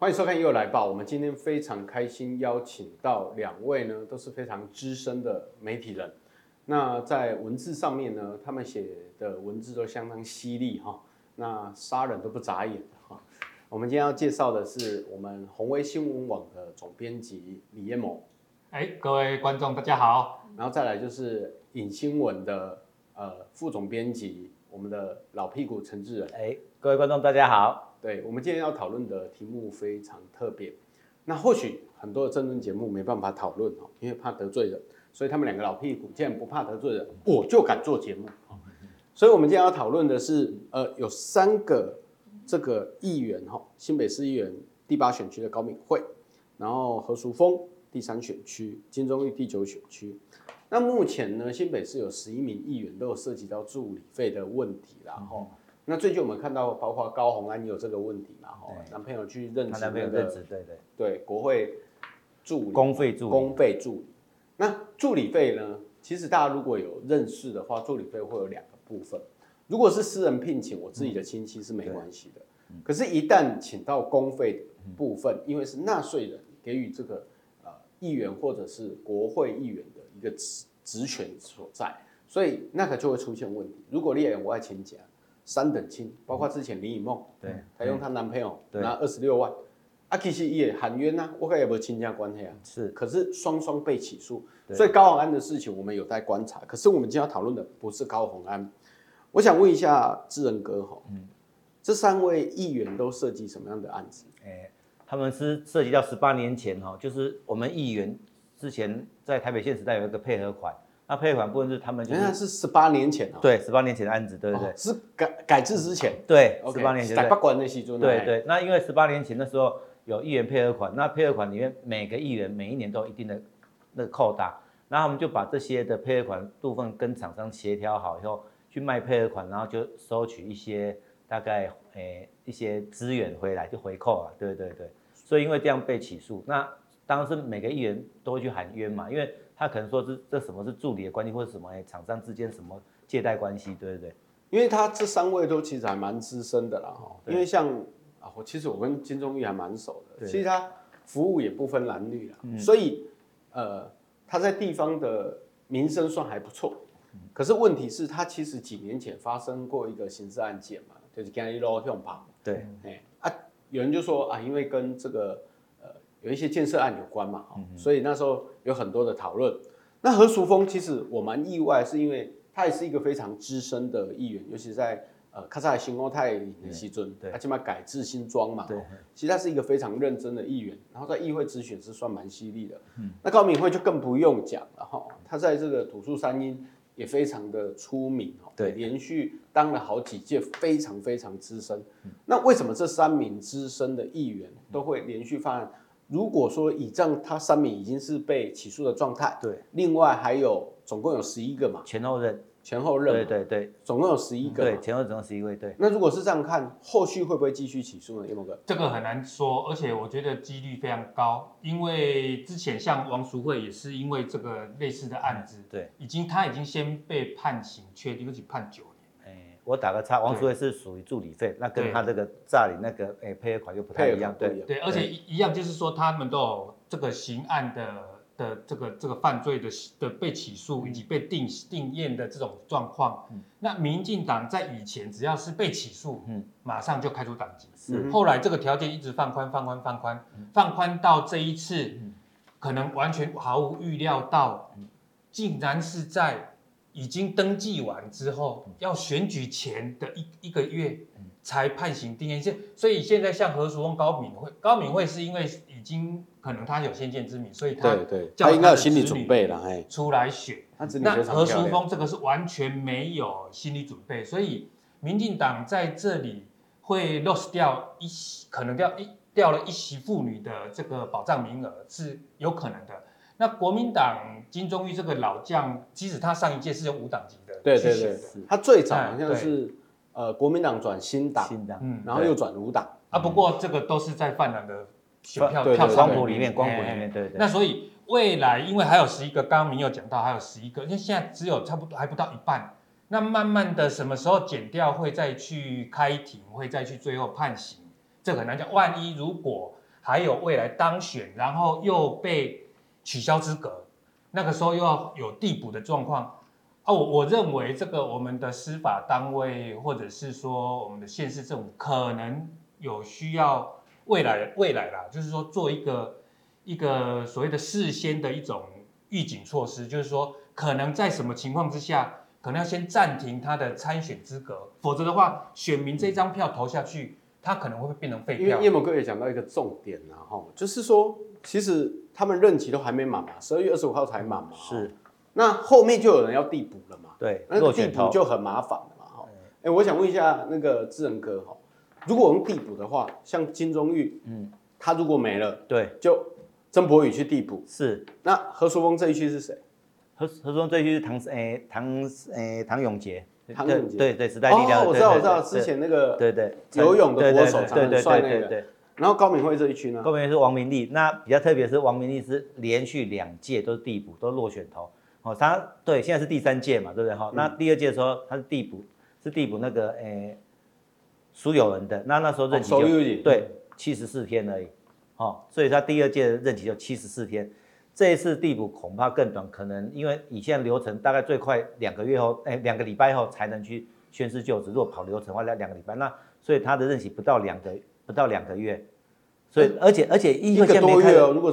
歡迎收看《祐來爆》，我們今天非常開心邀請到兩位呢，都是非常資深的媒體人。那在文字上面呢，他們寫的文字都相當犀利哈，那殺人都不眨眼哈。我們今天要介紹的是我們紘威新聞網的總編輯李彥謀，哎，各位觀眾大家好。然後再來就是引新聞的呃副總編輯，我們的老屁股陳志仁，哎，各位觀眾大家好。對，我們今天要討論的題目非常特別，那或許很多的政論節目沒辦法討論，因為怕得罪人，所以他們兩個老屁股既然不怕得罪人，我就敢做節目。所以我們今天要討論的是，呃，有三個這個議員哈，新北市議員第八選區的高敏慧，然後何淑峰第三選區，金鍾玉第九選區。那目前呢，新北市有十一名議員都有涉及到助理費的問題啦，然後，嗯。那最近我們看到，包括高虹安有這個問題嘛？吼，男朋友去認識那個，對，對，對，對國會助理，公費助理，公費助，助理。那助理費呢？其實大家如果有認識的話，助理費會有兩個部分。如果是私人聘請，我自己的親戚是沒關係的，嗯。可是，一旦請到公費的部分，嗯、因為是納稅人給予這個呃議員或者是國會議員的一個職職權所在，所以那個就會出現問題。如果獵人我愛請假。三等親，包括之前李以夢、嗯，對，她用她男朋友拿二十六萬，啊，其實也喊冤吶、啊，我跟也不是親家關係啊，是，可是雙雙被起訴，所以高虹安的事情我們有待觀察。可是我們今天要討論的不是高虹安，我想問一下志仁哥哈，嗯，這三位議員都涉及什麼樣的案子？哎、欸，他們是涉及到十八年前哈，就是我們議員之前在台北縣時代有一個配合款。那配合款部分是他們就是原、欸、是十八年前啊、喔，對，十八年前的案子，對不對？哦、是改改制之前，對，十、okay, 八年前改八關那些，對對，對對。那因為十八年前的時候有議員配合款，那配合款裡面每個議員每一年都有一定的那個扣打，那我們就把這些的配合款部分跟廠商協調好以後去賣配合款，然後就收取一些大概誒、欸、一些資源回來就回扣啊，對，對對對。所以因為這樣被起訴，那當時每個議員都去喊冤嘛，嗯、因為。他可能說是這什麼是助理的關係，或者什麼哎廠商之間什麼借貸關係，對對對。因為他這三位都其實還蠻資深的啦，哦、因為像啊我其實我跟金中玉還蠻熟的，其實他服務也不分藍綠啊、嗯，所以呃他在地方的名聲算還不錯、嗯。可是問題是，他其實幾年前發生過一個刑事案件嘛，就是跟伊羅胸扒，對，嗯、哎啊有人就說啊，因為跟這個。有一些建設案有關嘛、嗯，所以那時候有很多的討論。那何淑峰其實我蠻意外，是因為他也是一個非常資深的議員，尤其在呃喀薩爾新歐太西尊他而且改制新莊嘛，其實他是一個非常認真的議員，然後在議會質詢是算蠻犀利的。嗯，那高敏慧就更不用講了哈，他在這個土樹三鶯也非常的出名對，連續當了好幾屆，非常非常資深、嗯。那為什麼這三名資深的議員都會連續犯案？如果說以這樣，他三名已經是被起訴的狀態，對。另外還有總共有十一個嘛，前後任，前後任，對對對，總共有十一個、嗯，對，前後總共十一位，對。那如果是這樣看，後續會不會繼續起訴呢，彥謀哥？這個很難說，而且我覺得幾率非常高，因為之前像王淑慧也是因為這個類似的案子，對，已經他已經先被判刑，確定而且判九。我打個叉，王淑慧是屬於助理費，那跟他這個詐領那個誒、欸、配合款又不太一樣，對，對，對，而且一一樣就是說，他們都有這個刑案的的這個這個犯罪的的被起訴以及被定定讞的這種狀況、嗯，那民進黨在以前只要是被起訴，嗯，馬上就開除黨籍，是、嗯，後來這個條件一直放寬放寬放寬放寬到這一次，可能完全毫無預料到，竟然是在。已經登記完之後，要選舉前的一一個月才判刑定讞，所以現在像何書峰、高敏慧、高敏慧是因為已經可能他有先見之明，所以他叫他，對對他應該有心理準備了。哎，出來選。那何書峰這個是完全沒有心理準備，所以民進黨在這裡會落掉一，可能掉一掉了一席婦女的這個保障名額是有可能的。那國民黨金中玉這個老將，即使他上一屆是有無黨籍的,的，對對對，是他最早好像、就是呃國民黨轉新黨，新黨，嗯，然後又轉無黨啊。不過這個都是在泛藍的選票、啊對對對嗯、票倉裡面、對對對光譜裡面。對,對對。那所以未來，因為還有十一個，剛剛沒有講到，還有十一個，因為現在只有差不多還不到一半。那慢慢的什麼時候檢調，會再去開庭，會再去最後判刑，這很難講。萬一如果還有未來當選，然後又被取消資格，那個時候又要有遞補的狀況、啊、我我認為這個我們的司法單位，或者是說我們的縣市政府，可能有需要未來未來啦，就是說做一個一個所謂的事先的一種預警措施，就是說可能在什麼情況之下，可能要先暫停他的參選資格，否則的話，選民這一張票投下去，嗯，他可能會變成廢票。因為彥謀哥也講到一個重點啊，哈，就是說。其實他們任期都還沒滿嘛，十二月二十五號才滿嘛、嗯。是，那後面就有人要遞補了嘛。對。那遞補就很麻煩了嘛。哈。哎，我想問一下那個志仁哥哈，如果我們遞補的話，像金鐘玉，嗯，他如果沒了，對，就曾柏宇去遞補。是。那何淑峰這一區是誰？何何淑峰這一區是唐哎、欸、唐哎、欸、唐永傑。唐永傑。對對，對時代力量對對對哦，我知道我知道，之前那個對對游泳的國手，很帥那個。然後高敏慧這一區呢？高敏慧是王明麗，那比較特別是王明麗是連續兩屆都是遞補，都是落選頭。哦，他對現在是第三屆嘛，對不對？哈、嗯，那第二屆的時候他是遞補，是遞補那個誒、所、欸、有人的。那那時候任期就、哦、對七十四天而已。哦，所以他第二屆的任期就七十四天，這一次遞補恐怕更短，可能因為以前流程大概最快兩個月後，哎、欸，兩個禮拜後才能去宣誓就職。如果跑流程的話要兩個禮拜，那所以他的任期不到兩個。不到兩個月，所以而且而且議會先沒開，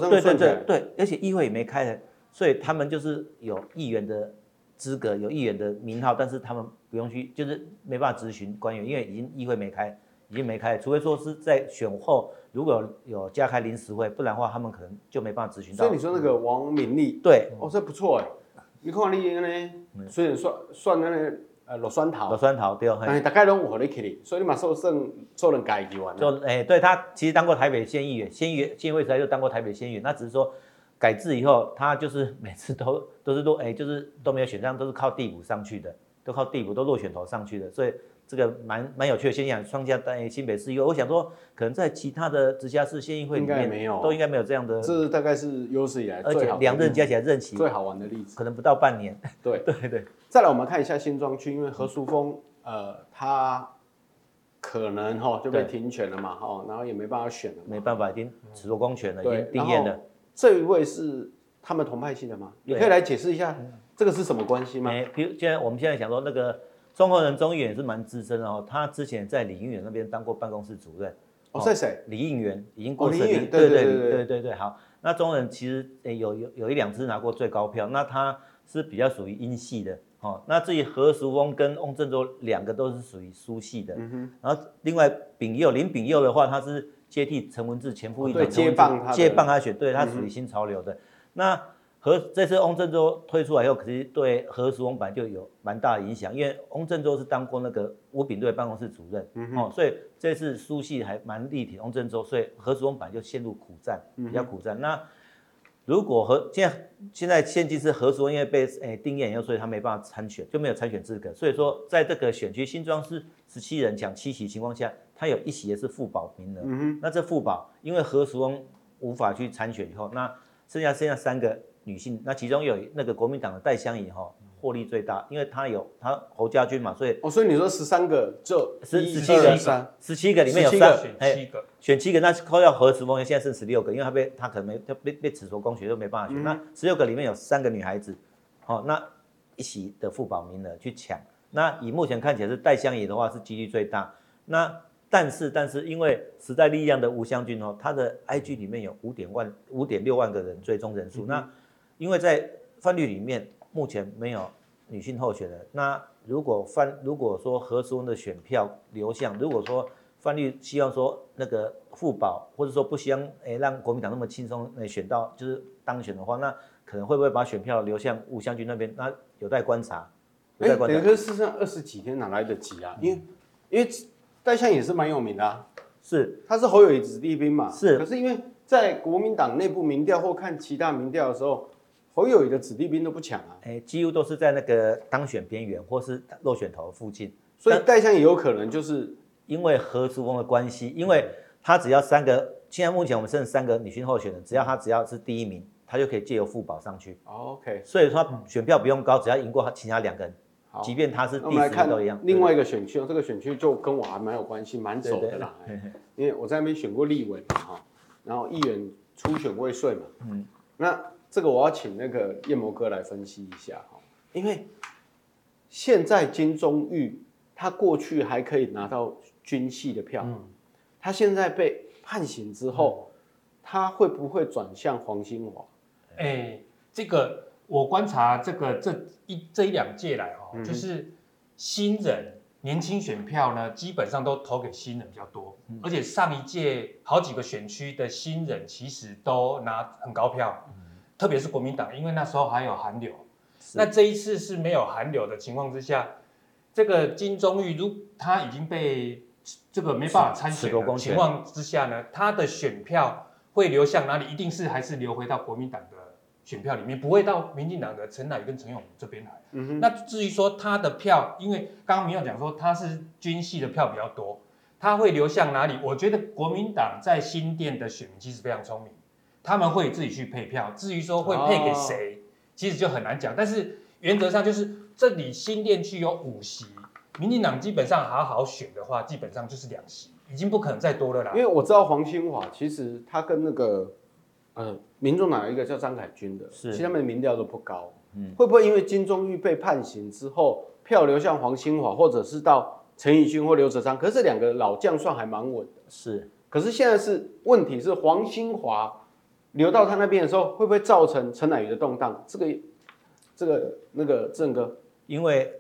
對對對對，而且議會也沒開的，所以他們就是有議員的資格，有議員的名號，但是他們不用去，就是沒辦法質詢官員，因為已經議會沒開，已經沒開，除非說是在選後如果有加開臨時會，不然的話他們可能就沒辦法質詢。所以你說那個王敏利，對，我、哦、說不錯哎、欸嗯，你看立你個呢，雖然算算那個。呃，落選頭，落選頭，對大概五和你可以所以你把說算說人改，就完了、欸。對他其實當過台北縣議員，縣議員、縣議會時他就當過台北縣議員，那只是說改制以後，他就是每次都都是都，哎、欸，就是都沒有選上，都是靠地補上去的，都靠地補都落選頭上去的，所以。這個蠻蠻有趣的現象，莊家在新北市有。我想說，可能在其他的直轄市縣議會裡面，應該沒有都應該沒有這樣的。這是大概是有史以來最好而且兩任加起來任期、嗯、最好玩的例子，可能不到半年。對對，對對。再來，我們看一下新莊區，因為何淑峰、嗯、呃，他可能哈就被停權了嘛，哈，然後也沒辦法選了，沒辦法，已經褫奪公權了，已經定讞了。這一位是他們同派系的嗎？你可以來解釋一下，這個是什麼關係嗎？比、欸、如，現在我們現在想說那個。中和人中宇也是蠻資深的哦，他之前在李應元那邊當過辦公室主任。哦，是誰？李應元已經過世、哦、了。李應元對對對對對，對，對，對，對，對，對，對，好，那中人其實、欸、有有有一兩次拿過最高票，那他是比較屬於英系的哦。那至於何書翁跟翁振洲兩個都是屬於蘇系的。嗯哼。然後另外秉佑林秉佑的話，他是接替陳文志前副議長接棒他選，對，他屬於新潮流的。嗯、那和這次翁震州推出來以後，可是對何淑峰本就有蠻大的影響，因為翁震州是當過那個吳秉叡辦公室主任、嗯哼，哦，所以這次蘇系還蠻力挺，翁震州，所以何淑峰本就陷入苦戰，比較苦戰。嗯、那如果何現，現在現在現任是何淑峰，因為被誒定讞以後，所以他沒辦法參選，就沒有參選資格。所以說在這個選區新莊是十七人搶七席情況下，他有一席也是婦保名額。嗯哼，那這婦保因為何淑峰無法去參選以後，那剩下剩下三個。女性那其中有那個國民黨的戴相穎哈獲利最大，因為她有她侯家軍嘛，所以哦，所以你說十三個就十七個，十七個裡面有三個選七個,個，那扣掉何時峰，現在剩十六個，因為他被他可能沒被被褫奪公權就沒辦法選、嗯，那十六個裡面有三個女孩子，哦、喔，那一席的婦保名額去搶，那以目前看起來是戴相穎的話是幾率最大，那但是但是因為時代力量的吳香君哦、喔，她的 IG 裡面有五點萬五點六萬個人追蹤人數、嗯嗯，那。因為在泛綠裡面目前沒有女性候選人，那如果泛如果說何時文的選票流向，如果說泛綠希望說那個護保，或者說不希望哎讓國民黨那麼輕鬆哎選到就是當選的話，那可能會不會把選票流向吳湘軍那邊？那有待觀察。有待觀察。哎，事實上二十幾天哪來得及啊？嗯，因為因為戴相也是蠻有名的，啊，是他是侯友宜子弟兵嘛，是。可是因為在國民黨內部民調或看其他民調的時候。侯友宜的子弟兵都不搶啊，哎、欸，幾乎都是在那個當選邊緣或是落選頭的附近。所以戴相也有可能就是因為何書峰的關係、嗯，因為他只要三個，現在目前我們剩三個女性候選人，只要他只要是第一名，他就可以借由副保上去。哦、OK，所以說選票不用高，只要贏過他其他兩個人，即便他是第十名都一樣。另外一個選區，對對對，這個選區就跟我還蠻有關係，蠻熟的啦對對對、欸。因為我在那邊選過立委嘛，然後議員初選未遂嘛，嗯，那。這個我要請那個彥謀哥來分析一下，因為現在金中玉他過去還可以拿到軍系的票，嗯、他現在被判刑之後，嗯、他會不會轉向黃興華？哎、欸，這個我觀察這個這一這一兩屆來、喔嗯、就是新人年輕選票呢，基本上都投給新人比較多，嗯、而且上一屆好幾個選區的新人其實都拿很高票。嗯特別是國民黨，因為那時候還有韓流，那這一次是沒有韓流的情況之下，這個金中玉如他已經被這個沒辦法參選情況之下呢，他的選票會流向哪裡？一定是還是流回到國民黨的選票裡面，不會到民進黨的陳乃宇跟陳永這邊來，嗯。那至於說他的票，因為剛剛彥謀講說他是軍系的票比較多，他會流向哪裡？我覺得國民黨在新店的選民其實非常聰明。他們會自己去配票，至於說會配給誰，哦，其實就很難講。但是原則上就是這裡新店區有五席，民進黨基本上好好選的話，基本上就是兩席，已經不可能再多了啦。因為我知道黃新華，其實他跟那個呃民眾黨一個叫張凱軍的，是，其實他們的民調都不高。嗯，會不會因為金鐘玉被判刑之後，票流向黃新華，或者是到陳儀君或劉哲彰？可是這兩個老將算還蠻穩的，是。可是現在是問題，是黃新華。流到他那邊的時候，會不會造成陳乃瑜的動盪？這個、這個、那個鄭哥，因為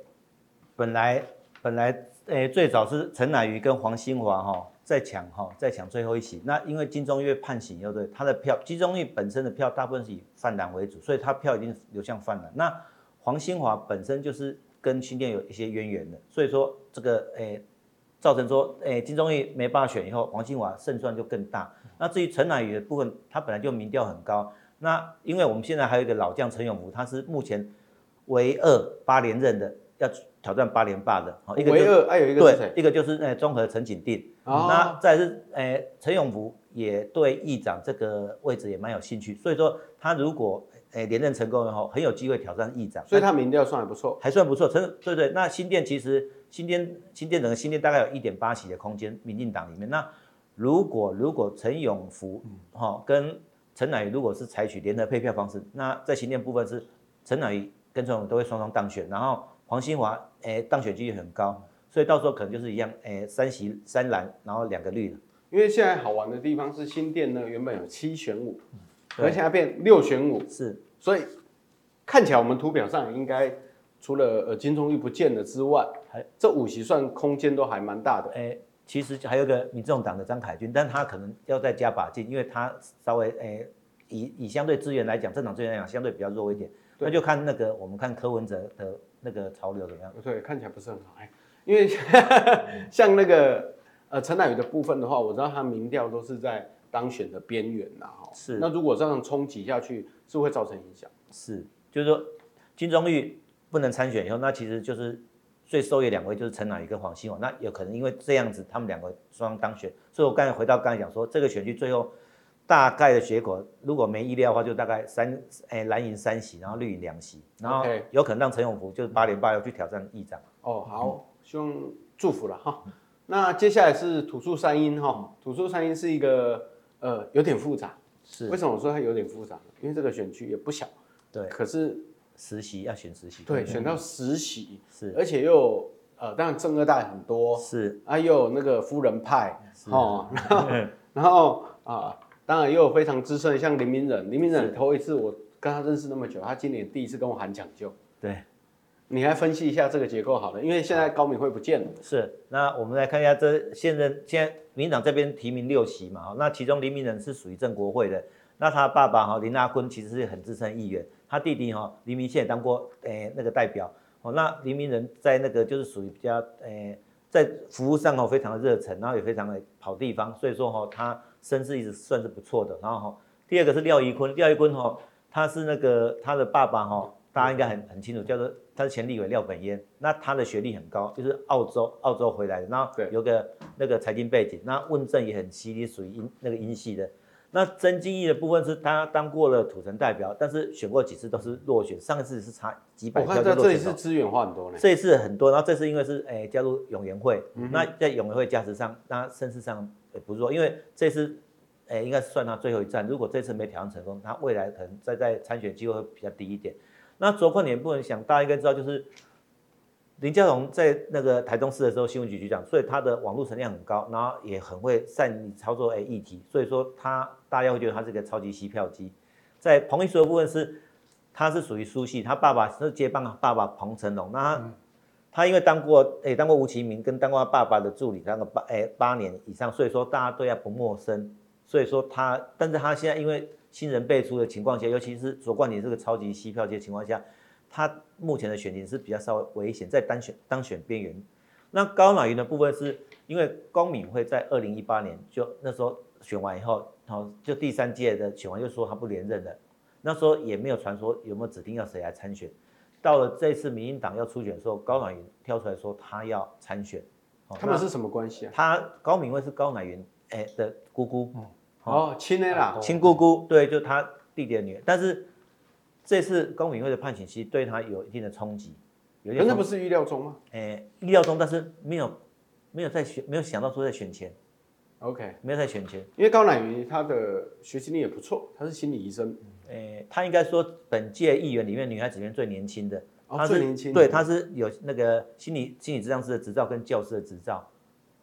本來本來誒、欸，最早是陳乃瑜跟黃興華哈在搶哈在搶最後一席。那因為金中玉判刑又對他的票，金中玉本身的票大部分是以泛藍為主，所以他票已經流向泛藍。那黃興華本身就是跟新店有一些淵源的，所以說這個誒。欸造成說，欸、金中玉沒辦法選以後，黃金華勝算就更大。那至於陳乃宇的部分，他本來就民調很高。那因為我們現在還有一個老將陳永福，他是目前唯二八連任的，要挑戰八連霸的。一個唯二、啊、還有一個是誰？對，一個就是呃，中和陳錦錠。那再是，哎、欸，陳永福也對議長這個位置也蠻有興趣，所以說他如果哎、欸、連任成功以後，很有機會挑戰議長。所以他民調算還不錯。還算不錯，陳對，對對。那新店其實。新店、新店整個新店大概有一點八席的空間，民進黨裡面。那如果如果陳永福哈跟陳乃瑜如果是採取聯合配票方式，那在新店部分是陳乃瑜跟陳永都會雙雙當選，然後黃新華誒、欸、當選幾率很高，所以到時候可能就是一樣誒、欸、三席三藍，然後兩個綠了。因為現在好玩的地方是新店呢，原本有七選五，而且現在變六選五，是，所以看起來我們圖表上應該。除了呃金中玉不見了之外，還這五席算空間都還蠻大的。哎、欸，其實還有一個民主黨的張凱軍，但他可能要再加把勁，因為他稍微哎、欸、以以相對資源來講，政黨資源來講相對比較弱一點。那就看那個我們看柯文哲的那個潮流怎麼樣。對，對看起來不是很好。哎、欸，因為、欸、像那個呃陳乃宇的部分的話，我知道他民調都是在當選的邊緣啦。哈，是。那如果這樣衝擊下去，是會造成影響。是，就是說金中玉。不能參選以後，那其實就是最受益兩位就是陳乃一跟黃欣宏，那有可能因為這樣子，他們兩個雙當選。所以我剛才回到剛才講說，這個選區最後大概的結果，如果沒意料的話，就大概三哎、欸、藍贏三席，然後綠贏兩席，然後有可能讓陳永福就是八連霸要去挑戰議長、okay. 嗯、哦，好，希望祝福了哈。那接下來是土樹三鶯哈，土樹三鶯是一個呃有點複雜，是為什麼我說它有點複雜？因為這個選區也不小，對，可是。實習要選實習，對，選到實習是、嗯，而且又呃，當然政二代很多，是啊，又有那個夫人派，哦、嗯。然後、嗯、然後啊、呃，當然又有非常資深，像林明仁，林明仁頭一次我跟他認識那麼久，他今年第一次跟我喊搶救，對，你來分析一下這個結構好了，因為現在高敏慧不見了、啊，是，那我們來看一下這現任現在民進黨這邊提名六席嘛，那其中林明仁是屬於正國會的，那他爸爸哈林阿坤其實是很資深議員。他弟弟哈黎明，現在當過誒、欸、那個代表哦。那黎明人在那個就是屬於比較誒、欸、在服務上哦非常的熱忱，然後也非常的跑地方，所以說哈他身世一直算是不錯的。然後第二個是廖宜坤，廖宜坤哈他是那個他的爸爸哈大家應該很很清楚，叫做他的前立委廖本燕。那他的學歷很高，就是澳洲澳洲回來的，然後有個那個財經背景，那問政也很犀利，屬於英那個英系的。那曾經義的部分是，他當過了土城代表，但是選過幾次都是落選，上一次是差幾百票落選。我看，哦，這次是資源化很多嘞、欸，這一次很多。那這次因為是誒、欸、加入永聯會、嗯，那在永聯會價值上，他聲勢上也不弱，因為這次誒、欸、應該算他最後一戰。如果這次沒挑戰成功，他未來可能再再參選機會會比較低一點。那卓冠年部分，想大家應該知道就是。林佳龍在那個台中市的時候，新聞局局長，所以他的網絡聲量很高，然後也很會善於操作哎、議題，所以說他大家會覺得他是一個超級吸票機。在彭一書的部分是，他是屬於蘇系，他爸爸是接棒爸爸彭成龍，那他、嗯、他因為當過哎、欸、當過吳琪銘，跟當過他爸爸的助理，當了八、哎八年以上，所以說大家對他不陌生，所以說他，但是他現在因為新人輩出的情況下，尤其是卓冠廷這個超級吸票機的情況下。他目前的選情是比較稍微危險，在當選當選邊緣。那高乃云的部分，是因為高敏慧在二零一八年就那時候選完以後，好，就第三屆的選完就說他不連任了。那時候也沒有傳說有沒有指定要誰來參選。到了這次民進黨要出選的時候，高乃云跳出來說他要參選。他們是什麼關係啊？他高敏慧是高乃云的姑姑。哦，親的啦。親姑姑，對，就他弟弟的女兒。但是。這次公懲會的判決其實對他有一定的衝擊，有點衝擊，可是那不是預料中嗎？誒，預料中，但是沒有沒有在選，沒有想到說在選前。OK，沒有在選前，因為高乃瑜她,的學習力也不錯，她是心理醫生，嗯、誒，她應該說本屆議員裡面女孩子裡面最年輕的。哦，他是最年輕。對，她是有那個心理心理治療師的執照跟教師的執照。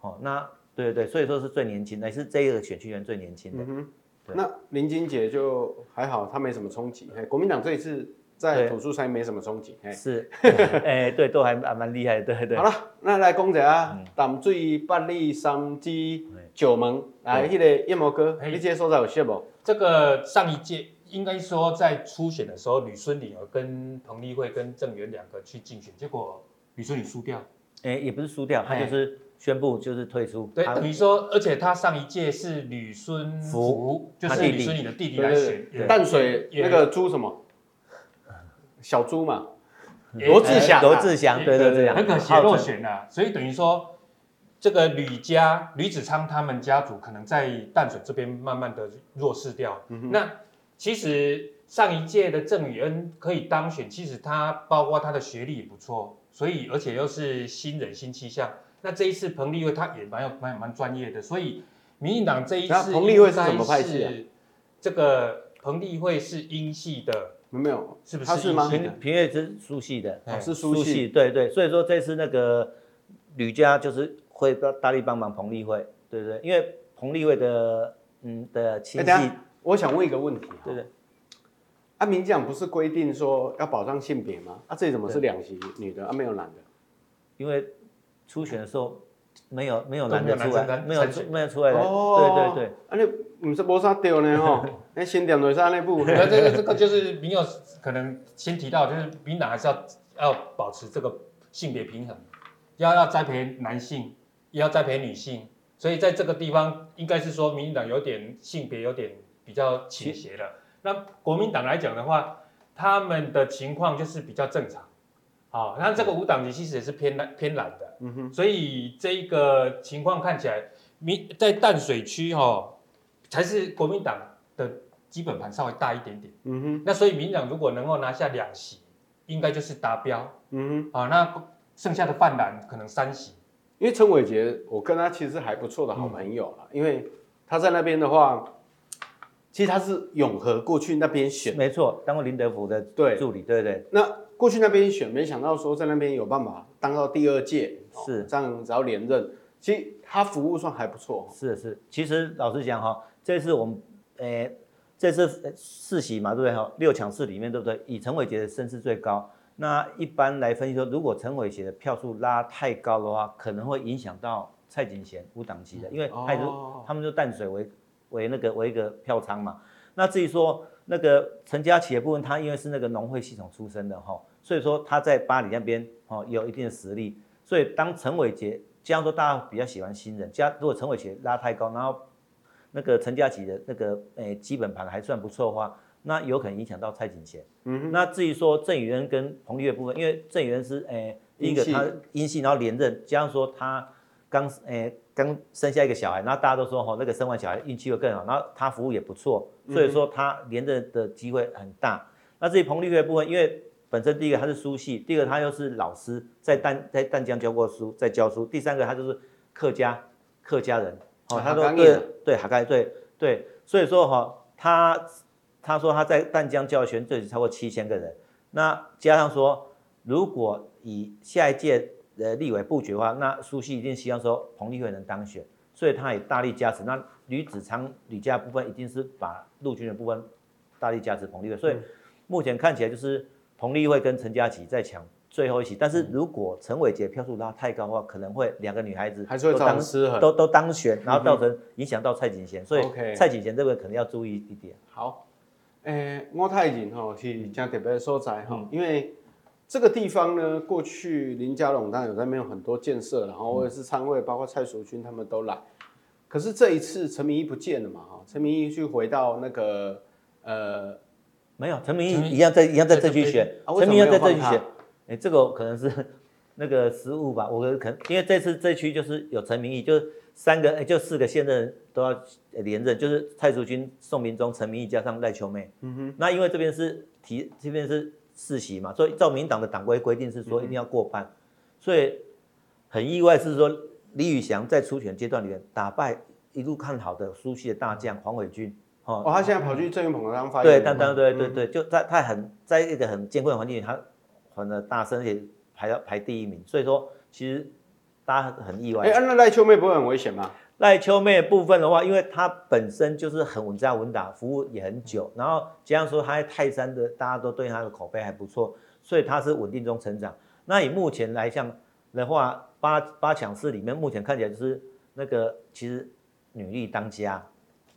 哦，那對對對，所以說是最年輕的，也是這個選區員最年輕的。嗯哼那林金結就還好，她沒什麼衝擊。國民黨這一次在土城上沒什麼衝擊。是 欸對，對，都還蠻厲害的，對對。好了，那來講一下淡、嗯、水八里三芝九門，來那個彥謀哥，欸、你這所在有說無？這個上一屆應該說在初選的時候，呂孫綾跟彭麗慧跟鄭源兩個去競選，結果呂孫綾輸掉。哎、欸，也不是輸掉，他就是、欸。宣布就是退出。嗯、對，等於說，而且他上一屆是呂孫福，就是弟弟呂孫綾的弟弟來選淡水那個豬什麼小豬嘛、欸羅啊欸，羅志祥，羅志祥，對對對，對，對、嗯這樣，很可惜落選了、啊。所以等於說，這個呂家呂子昌他們家族可能在淡水這邊慢慢的弱勢掉。嗯、那其實上一屆的鄭宇恩可以當選，其實他包括他的學歷也不錯，所以而且又是新人新氣象。那這一次彭立慧他也蠻蠻蠻專業的，所以民進黨這一次，那彭立慧是什麼派系？這個彭立慧是英系的，是是英系的，嗯，沒有，是不是？他是嗎？平平越是蘇系的，哦嗯哦蘇系嗯，是蘇系，蘇系對對。所以說這次那個呂家就是會大力幫忙彭立慧對，對對，因為彭立慧的嗯的親戚，欸。我想問一個問題，對對，對啊，啊民進黨不是規定說要保障性別嗎？啊這裡怎麼是兩席女的啊沒有男的，因為。初選的時候沒有沒有男的出來，沒生生沒，沒有出沒有出來的、哦。對對對，啊你不、喔、 是冇啥掉呢吼？你先點落去那部。那這個、這個就是民有，可能先提到，就是民黨還是要要保持這個性別平衡，要要栽培男性，也要栽培女性。所以在這個地方應該是說，民進黨有點性別有點比較傾斜的。那國民黨來講的話，他們的情況就是比較正常。好、哦，那這個無黨其實也是偏偏藍的。嗯哼，所以這個情況看起來，民在淡水區哈、哦，才是國民黨的基本盤稍微大一點點。嗯哼，那所以民進黨如果能夠拿下兩席，應該就是達標。嗯哼，啊，那剩下的泛藍可能三席。因為陳偉杰，我跟他其實還不錯的好朋友了、嗯，因為他在那邊的話，其實他是永和過去那邊選，嗯、沒錯，當過林德福的助理，對，對，對，對。那過去那邊選，沒想到說在那邊有辦法。當到第二屆、哦，是這樣，只要連任，其實他服務算還不錯。是是，其實老實講哈，這次我們呃、欸，這次四席嘛，對不對？哈，六強四裡面，對不對？以陳偉杰的聲勢最高。那一般來分析說，如果陳偉杰的票數拉太高的話，可能會影響到蔡錦賢無黨籍的、嗯，因為他就、哦、他們就淡水為為那個為一個票倉嘛。那至於說那個陳家企的部分，他因為是那個農會系統出身的哈，所以說他在八里那邊。哦，有一定的實力，所以當陳偉杰，假如說大家比較喜歡新人。加如果陳偉杰拉太高，然後那個陳家琪的那個誒、呃、基本盤還算不錯的話，那有可能影響到蔡錦賢、嗯、那至於說鄭宇恩跟彭麗媛部分，因為鄭宇恩是誒、呃、一個他陰性，然後連任，加上說他剛誒、呃、剛生下一個小孩，然後大家都說、哦、那個生完小孩運氣會更好，然後他服務也不錯，所以說他連任的機會很大。嗯、那至於彭麗媛部分，因為本身第一個他是蘇系，第二他又是老師，在淡在淡江教過書，在教書。第三個他就是客家客家人，哦、啊，他說對、啊，對、啊、對，海開，對對，所以說哈、哦，他他說他在淡江教學最多超過七千個人。那加上說，如果以下一屆的立委布局的話，那蘇系一定希望說彭立輝能當選，所以他也大力加持。那呂子昌呂家的部分一定是把陸軍的部分大力加持彭立輝，所以目前看起來就是。嗯洪麗會跟陳嘉琪在搶最後一席，但是如果陳偉傑票數拉太高的話，可能會兩個女孩子都當時衡，都都當選，然後造成影響到蔡錦賢、嗯，所以蔡錦賢這位可能要注意一點。好，誒、欸，五泰鎮吼是真特別的所在哈，因為這個地方呢，過去林佳龍當然有在那邊有很多建設，然後或者是餐會，包括蔡淑君他們都來，可是這一次陳明義不見了嘛哈，陳明義去回到那個呃。沒有陳明義一樣在一樣在這區選，陳明義在這區選，哎、啊，欸，這個可能是那個失誤吧，我可能因為這次這區就是有陳明義，就三個、欸、就四個現任都要連任，就是蔡淑君、宋明忠、陳明義加上賴秋媚。嗯哼，那因為這邊是提這邊是四席嘛，所以照民黨的黨規規定是說一定要過半，嗯、所以很意外是說李宇翔在初選階段裡面打敗一路看好的蘇系的大將黃偉軍。哦，哦，哦，他現在跑去正雲捧那發？對，但、嗯、但對對對，嗯、就在他很在一個很艱困的環境裡，他可能大聲也排到排第一名，所以說其實大家很意外。哎、欸啊，那賴秋妹不會很危險嗎？賴秋妹的部分的話，因為她本身就是很穩紮穩打，服務也很久，然後加上說她在泰山的，大家都對她的口碑還不錯，所以她是穩定中成長。那以目前來講的話，八八強市裡面目前看起來就是那個其實女力當家。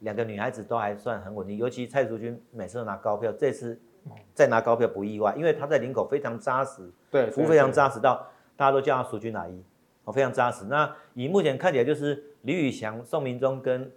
兩個女孩子都還算很穩定，尤其蔡淑君每次都拿高票，這次再拿高票不意外，因為她在林口非常扎實，對服務非常扎實到大家都叫她淑君阿姨，哦非常扎實。那以目前看起來就是李宇翔、宋明忠跟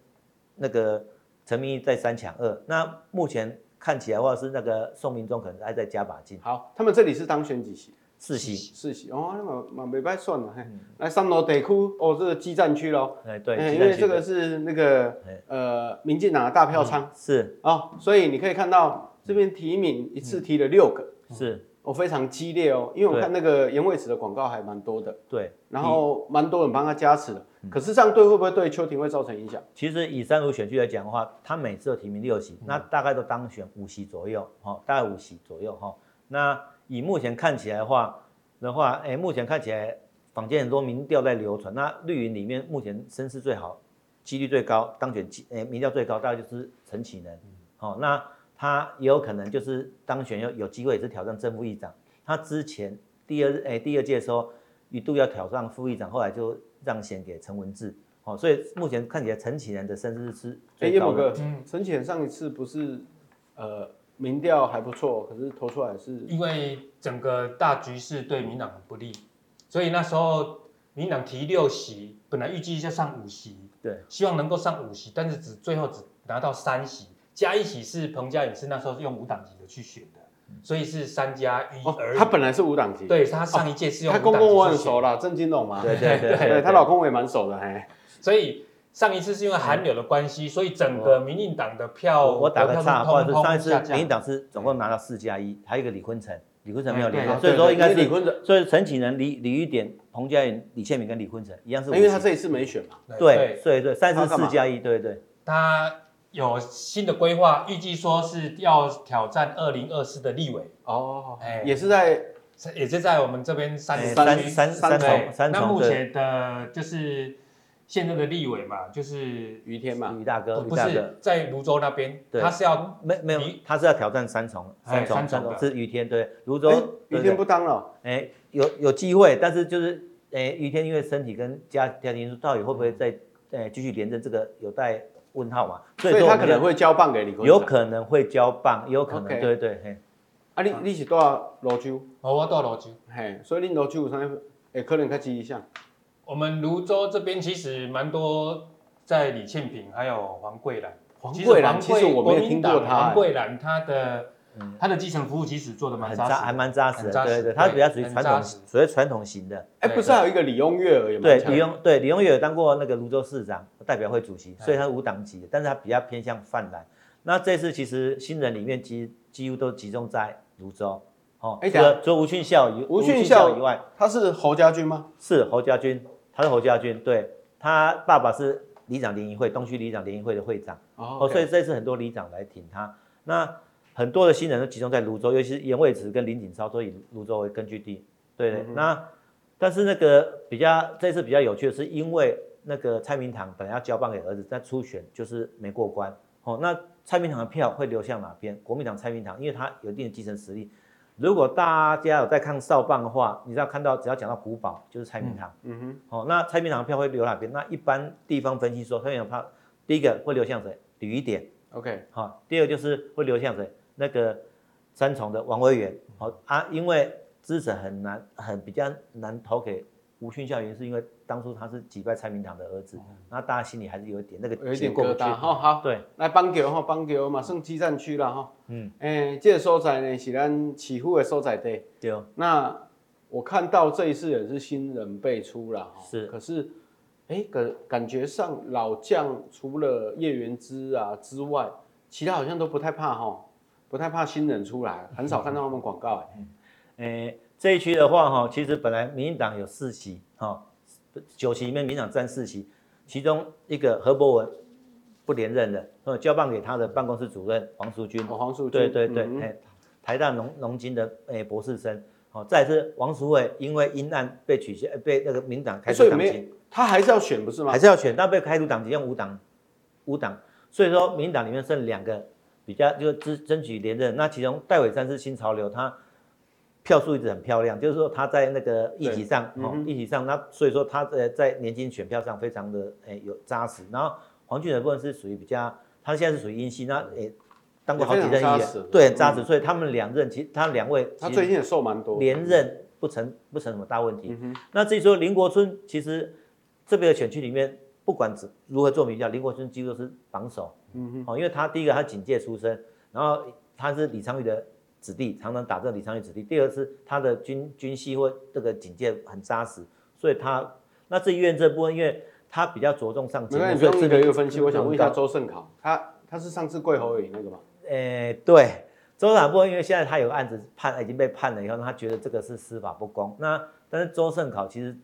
那個陳明義在三搶二，那目前看起來的話是那個宋明忠可能還在加把勁。好，他們這裡是當選幾席？四席，四席哦，那沒辦法算了。嘿，嗯、來三蘆地區哦，這個激戰區咯、欸、對對、欸，因為這個是那個呃民進黨的大票倉、嗯、是哦，所以你可以看到這邊提名一次提了六個、嗯哦、是，哦非常激烈哦，因為我看那個顏蔚慈的廣告還蠻多的，對，然後蠻多人幫他加持的，可是這樣對會不會對邱婷會造成影響、嗯？其實以三蘆選區來講的話，他每次都提名六席，那大概都當選五席左右，哈、哦，大概五席左右哈、哦，那。以目前看起來的話，的話、欸，目前看起來，坊間很多民調在流傳。那綠營裡面目前聲勢最好，幾率最高，當選、欸、民調最高大概就是陳啟仁。好，那他也有可能就是當選有有機會也是挑戰正副議長。他之前第二，哎、欸，第二屆的時候一度要挑戰副議長，後來就讓賢給陳文治。好，所以目前看起來陳啟仁的聲勢是最高的。欸，葉博哥，陳啟仁上一次不是，呃。民調還不錯，可是投出來是，因為整個大局勢對民黨很不利、嗯，所以那時候民黨提六席，本來預計就上五席，對，希望能夠上五席，但是只最後只拿到三席，加一席是彭佳芸，是那時候是用無黨籍的去選的，所以是三加一。而、哦、他本來是無黨籍，對他上一屆是用的、哦。他公公我很熟了鄭金龍嘛？對對對，對,對,對,對他老公我也蠻熟的，所以。上一次是因為韓流的關係、嗯，所以整個民進黨的票、嗯，我打個岔，或者是上一次民進黨是總共拿到四加一，還有一個李坤城，李坤城沒有連、欸啊，所以說應該是李坤城，所以陳啟仁、李李余典、彭佳芸、李倩敏跟李坤城一樣是，因為他這一次沒選嘛，對所以對，三十四加一對,對對，他有新的規劃，預計說是要挑戰二零二四的立委哦、欸，也是在，也是在我們這邊三三三三重,、欸三三三三重,三重，那目前的就是。現在的立委嘛，就是余天嘛，余大哥，哦、不是在蘆洲那邊，他是要沒沒有，他是要挑戰三重，三重，三重,三重是余天對，蘆洲余、欸、天不當了、喔，哎、欸，有有機會，但是就是哎，余、欸、天因為身體跟家家庭，到底會不會再哎繼、欸、續連着這個有待問號嘛所，所以他可能會交棒給你。有可能會交棒，有可能，okay. 對對,對啊,啊你你是在蘆洲？我我在蘆洲？嘿、欸，所以你蘆洲有啥會、欸、可能卡注一下我們蘆洲這邊其實蠻多，在李倩萍還有黃桂蘭。黃桂蘭其，其實我沒有聽過他。黃桂蘭他的、嗯、他的基層服務其實做得蠻扎實的，蠻扎實的，還蠻扎實的。的對對，對，對，他比較屬於傳統，屬於傳統型的。哎、欸，不是還有一個李翁月娥有嗎？李翁對，李翁月娥當過那個蘆洲市長、代表會主席，所以他是無黨籍的，的但是他比較偏向泛藍。那這次其實新人裡面，其實幾乎都集中在蘆洲。哦、欸，除了吳俊孝以吳俊孝以外，他是侯家軍嗎？是侯家軍。他是侯家軍，對，他爸爸是里長聯誼會，東區里長聯誼會的會長哦，oh, okay. 所以這一次很多里長來挺他。那很多的新人都集中在蘆洲，尤其是嚴惠慈跟林錦超，所以蘆洲為根據地。對，嗯、那但是那個比較這次比較有趣的是，因為那個蔡明堂本來要交棒給兒子，但初選就是沒過關。哦，那蔡明堂的票會流向哪邊？國民黨蔡明堂，因為他有一定的基層實力。如果大家有在看《少棒》的話，你知道看到只要講到古堡，就是蔡明堂嗯、哦。嗯哼，好，那蔡明堂的票會流哪邊？那一般地方分析說，蔡明堂票，第一個會流向誰？呂一點，OK，好、哦。第二就是會流向誰？那個三重的王威元。好、哦、啊，因為知識很難，很比較難投給。無訊教台是因為當初他是擊敗蔡明堂的兒子，那、嗯、大家心裡還是有一點那個有一點疙瘩哈。好，對，來板橋哈，板橋馬上激戰區了哈。嗯，哎、欸，這個收載呢是咱起呼的收載隊。對。那我看到這一次也是新人輩出了哈。是。可是，哎、欸，感感覺上老將除了葉元之啊之外，其他好像都不太怕哈，不太怕新人出來，很少看到他們廣告哎。嗯。哎、嗯。欸這一區的話，哈，其實本來民進黨有四席，哈，九席裡面民進黨占四席，其中一個何博文不連任了，呃，交棒給他的辦公室主任王淑君。哦，王淑君。對對對，嗯、台大農農經的、欸、博士生。好，再是王淑慧，因為因案被取消，被那個民進黨開除黨籍。他還是要選，不是嗎？還是要選，但被開除黨籍用黨，用無黨無黨，所以說民進黨裡面剩兩個比較，就爭爭取連任。那其中戴偉山是新潮流，他。票數一直很漂亮，就是說他在那個議題上，哦嗯、議題上，那所以說他在、呃、在年輕選票上非常的誒、欸、有紮實。然後黃俊和部分是屬於比較，他現在是屬於英系，那也、欸、當過好幾任議員、啊，對紮實、嗯。所以他們兩任其實他兩位，他最近也瘦蠻多，連任不成不成什麼大問題。嗯、那至於說林國春，其實這邊的選區裡面，不管怎如何做比較，林國春幾乎都是榜首。嗯哼，因為他第一個他警界出身，然後他是李昌鈺的子弟常常打這李昌鈺子弟。第二次他的軍軍系或這個警戒很扎實，所以他那志院這部分，因為他比較着重上層。沒有沒有沒分析，我想問一下周勝考，他他是上次貴侯友宜那個嗎？誒、欸，對，周法部分因為現在他有案子判已經被判了以後，他覺得這個是司法不公。那但是周勝考其實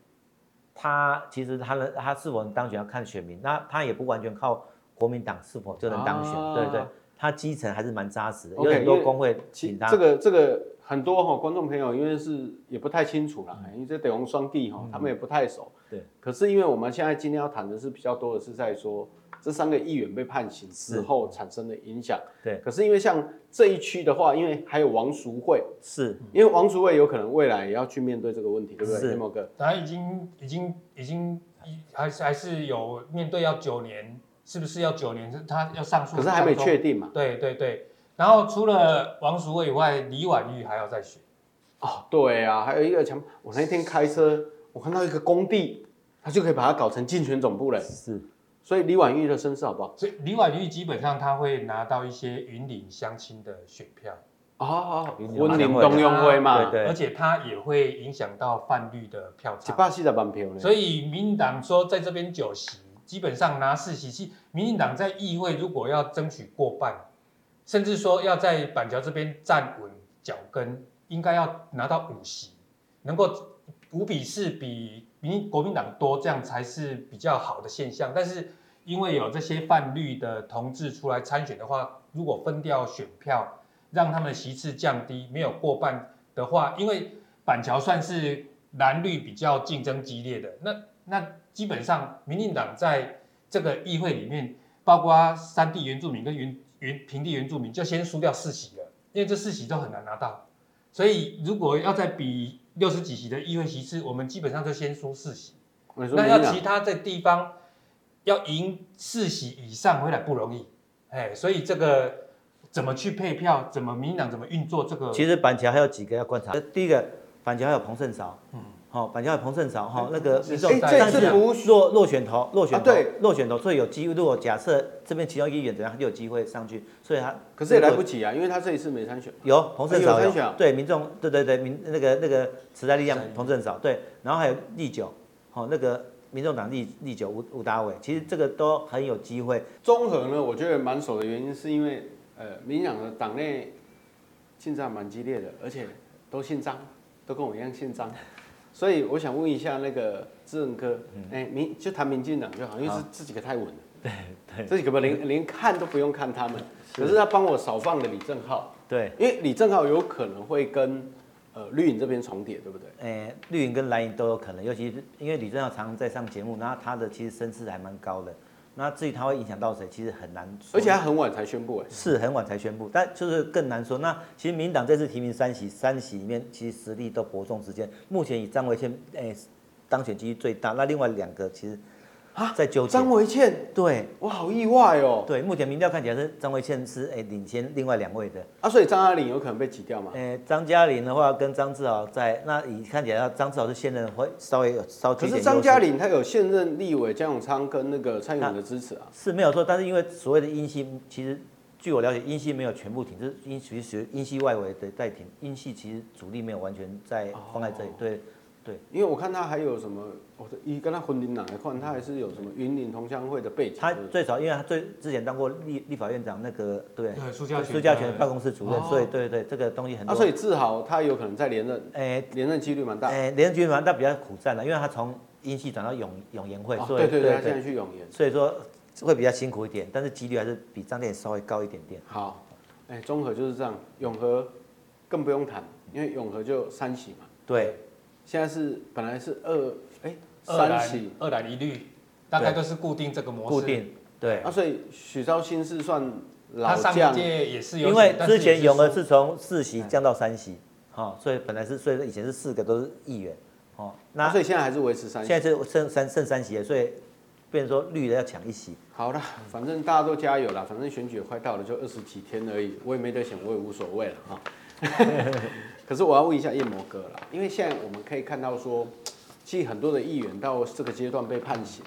他其實他他是否能當選要看選民，那他也不完全靠國民黨是否就能當選，啊、對，對對。他基層還是蠻紮實的，okay, 有很多工會請他。這個這個很多哈、哦，觀眾朋友因為是也不太清楚啦，嗯、因為這北紅雙帝哈、哦嗯，他們也不太熟。對，可是因為我們現在今天要談的是比較多的是在說這三個議員被判刑之後產生的影響。對，可是因為像這一區的話，因為還有王淑慧，是因為王淑慧有可能未來也要去面對這個問題，是對不對，彥謀哥？他已經已經已經還是還是有面對要九年。是不是要九年？他要上訴，可是還沒確定嘛。對對對，然後除了王淑慧以外，李婉玉還要再選。哦，對啊，還有一個強。我那天開車，我看到一個工地，他就可以把它搞成競選總部了。是。所以李婉玉的身世好不好？所以李婉玉基本上他會拿到一些雲林鄉親的選票。哦哦，雲林同鄉會嘛。對，對對。而且他也會影響到泛綠的票差。一百四十萬票，所以民黨說在這邊九席。基本上拿四席，是民進黨在議會，如果要爭取過半，甚至說要在板橋這邊站穩腳跟，應該要拿到五席，能夠五比四比，比民國民黨多，這樣才是比較好的現象。但是因為有這些泛綠的同志出來參選的話，如果分掉選票，讓他們席次降低，沒有過半的話，因為板橋算是藍綠比較競爭激烈的那。那基本上，民進黨在這個議會裡面，包括山地原住民跟原原平地原住民，就先輸掉四席了，因為這四席都很難拿到。所以如果要再比六十幾席的議會席次，我們基本上就先輸四席。那要其他的地方要贏四席以上，回來不容易。哎，所以這個怎麼去配票，怎麼民進黨怎麼運作這個？其實板橋還有幾個要觀察。第一個板橋還有彭盛韶，嗯。好、哦，反正有彭盛韶，哈、嗯哦，那個、欸、是，但是落落選頭，落選頭，落、啊、選頭，所以有機會，如果假設這邊其中一員怎樣，他就有機會上去，所以他可是也來不及啊，因為他這一次沒參選。有彭盛韶有、啊有選啊，對民眾，對對對,對民那個那個時代力量彭盛韶,嫂，對，然後還有立九，哦，那個民眾黨立立九吳吳達偉，其實這個都很有機會。中和呢，我覺得滿手的原因是因為，呃，民進黨的黨內競爭蠻激烈的，而且都姓張，都跟我一樣姓張。所以我想問一下那個志仁哥，哎、嗯，明、欸、就談民進黨就好，因為這這幾個太穩了不。對，這幾個我連連看都不用看他們。是，可是他幫我少放了李正浩。對，因為李正浩有可能會跟呃綠營這邊重疊，對不對？哎、欸，綠營跟藍營都有可能，尤其是因為李正浩常常在上節目，然後他的其實聲勢還蠻高的。那至於他會影響到誰，其實很難說。而且他很晚才宣布誒，是很晚才宣布，但就是更難說。那其實民黨這次提名三席，三席裡面其實實力都伯仲之間，目前以張維先，誒、欸、當選幾率最大。那另外兩個其實。啊，在糾結。張維倩，對，我好意外哦。對，目前民調看起來是張維倩是領先另外兩位的。啊，所以張嘉玲有可能被擠掉嘛？誒、欸，張嘉玲的話跟張志豪在那，你看起來張志豪是現任會稍微稍微有稍微，可是張嘉玲她有現任立委江永昌跟那個蔡英文的支持啊。是沒有錯，但是因為所謂的英系，其實據我了解，英系沒有全部挺，就是英其實英系外圍的在挺，英系其實主力沒有完全在放在這裡，哦、對。對，因為我看他還有什麼，我、哦、一跟他婚禮哪一塊，他還是有什麼雲林同鄉會的背景。他最早，因為他最之前當過立立法院長那個，對對？蘇嘉全，蘇嘉全辦公室主任，哦、所以對對這個東西很。好。所以志豪他有可能在連任，哎、欸，連任幾率蠻大。哎、欸，連任幾率蠻大，比較苦戰了。因為他從英系轉到湧湧言會，所以、哦、對，對，對，對對對，他現在去湧言，所以說會比較辛苦一點，但是幾率還是比張店稍微高一點點。好，哎、欸，中和就是這樣，永和更不用談，因為永和就三席嘛。對。現在是本來是二哎三席，二藍一綠，大概都是固定這個模式。固定對。那、啊、所以許昭興是算老將，他上一屆也是有。因為之前永和是從四席降到三席、欸哦，所以本來是所以以前是四個都是議員，哦，那、啊、所以現在還是維持三。現在是剩三剩三席了所以變成說綠的要搶一席。好了，反正大家都加油了，反正選舉也快到了，就二十幾天而已，我也沒得選，我也無所謂了 可是我要問一下彥謀哥啦，因為現在我們可以看到說，其實很多的議員到這個階段被判刑，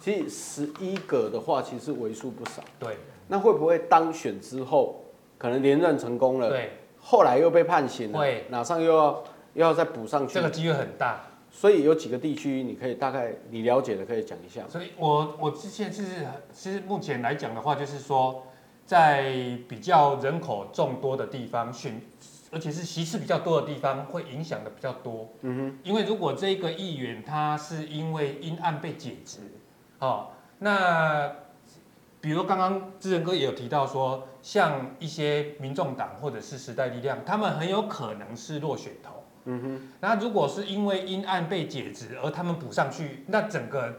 其實十一個的話，其實為數不少。對，那會不會當選之後，可能連任成功了，對，後來又被判刑了，對，馬上又要又要再補上去，這個機會很大。所以有幾個地區，你可以大概你了解的可以講一下。所以我，我我之前、就是，其實目前來講的話，就是說在比較人口眾多的地方選。而且是席次比較多的地方，會影響的比較多。嗯哼，因為如果這個議員他是因為因案被解職，嗯哦，那比如剛剛志仁哥也有提到說，像一些民眾黨或者是時代力量，他們很有可能是落選頭。嗯哼，那如果是因為因案被解職而他們補上去，那整個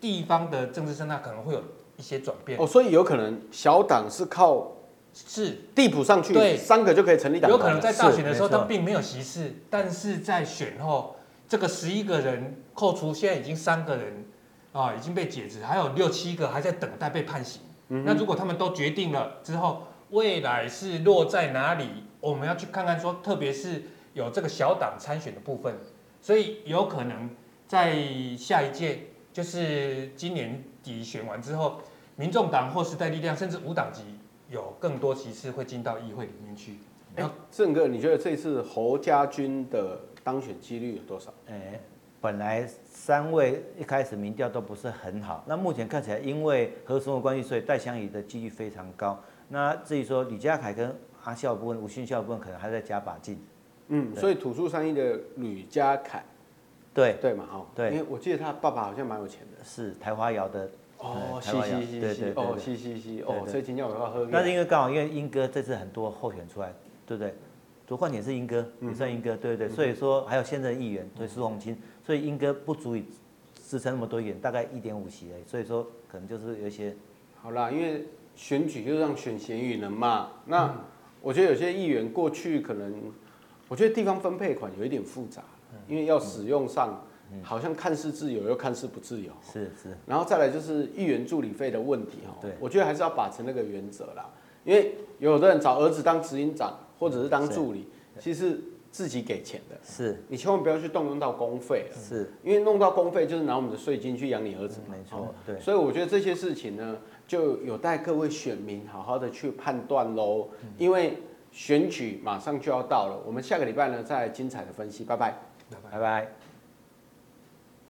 地方的政治生態可能會有一些轉變。哦，所以有可能小黨是靠。是遞補上去，對，三個就可以成立黨，有可能在大選的時候他並沒有席次，但是在選後這個十一個人，扣除現在已經三個人啊已經被解職，還有六七個還在等待被判刑、嗯。那如果他們都決定了之後，未來是落在哪裡，我們要去看看說，特別是有這個小黨參選的部分，所以有可能在下一屆就是今年底選完之後，民眾黨或時代力量甚至無黨籍。有更多席次會進到議會裡面去、嗯。哎、欸，正哥，你覺得這次侯家軍的當選幾率有多少？哎、欸，本來三位一開始民調都不是很好，那目前看起來，因為和什麼關係？所以戴相儀的幾率非常高。那至於說呂家凱跟阿孝部分、吳信孝部分，可能還在加把勁。嗯，所以樹三鶯的呂家凱，對對嘛哦對，因為我記得他爸爸好像蠻有錢的，是台華窑的。哦，是是是是，哦嘻嘻嘻，哦嘻嘻嘻哦所以今天我要喝。但是因為剛好因為英哥這次很多候選出來，對不對,對？多關鍵是英哥，也、嗯、算英哥，對對對，嗯、所以說還有現任議員對蘇宏清，所以英哥不足以支撐那麼多議員、嗯、大概一點五席而已，所以說可能就是有一些，好啦，因為選舉就是讓選賢與能嘛。那我覺得有些議員過去可能，我覺得地方分配款有一點複雜，因為要使用上。嗯嗯好像看似自由，又看似不自由哦。是是。然後再來就是議員助理費的問題哈哦。對。我覺得還是要把持那個原則啦，因為有的人找兒子當執行長或者是當助理，其實是自己給錢的。是。你千萬不要去動用到公費。是。因為弄到公費就是拿我們的稅金去養你兒子。沒錯。對。所以我覺得這些事情呢，就有待各位選民好好的去判斷嘍。因為選舉馬上就要到了，我們下個禮拜呢再來精彩的分析。拜拜。拜拜。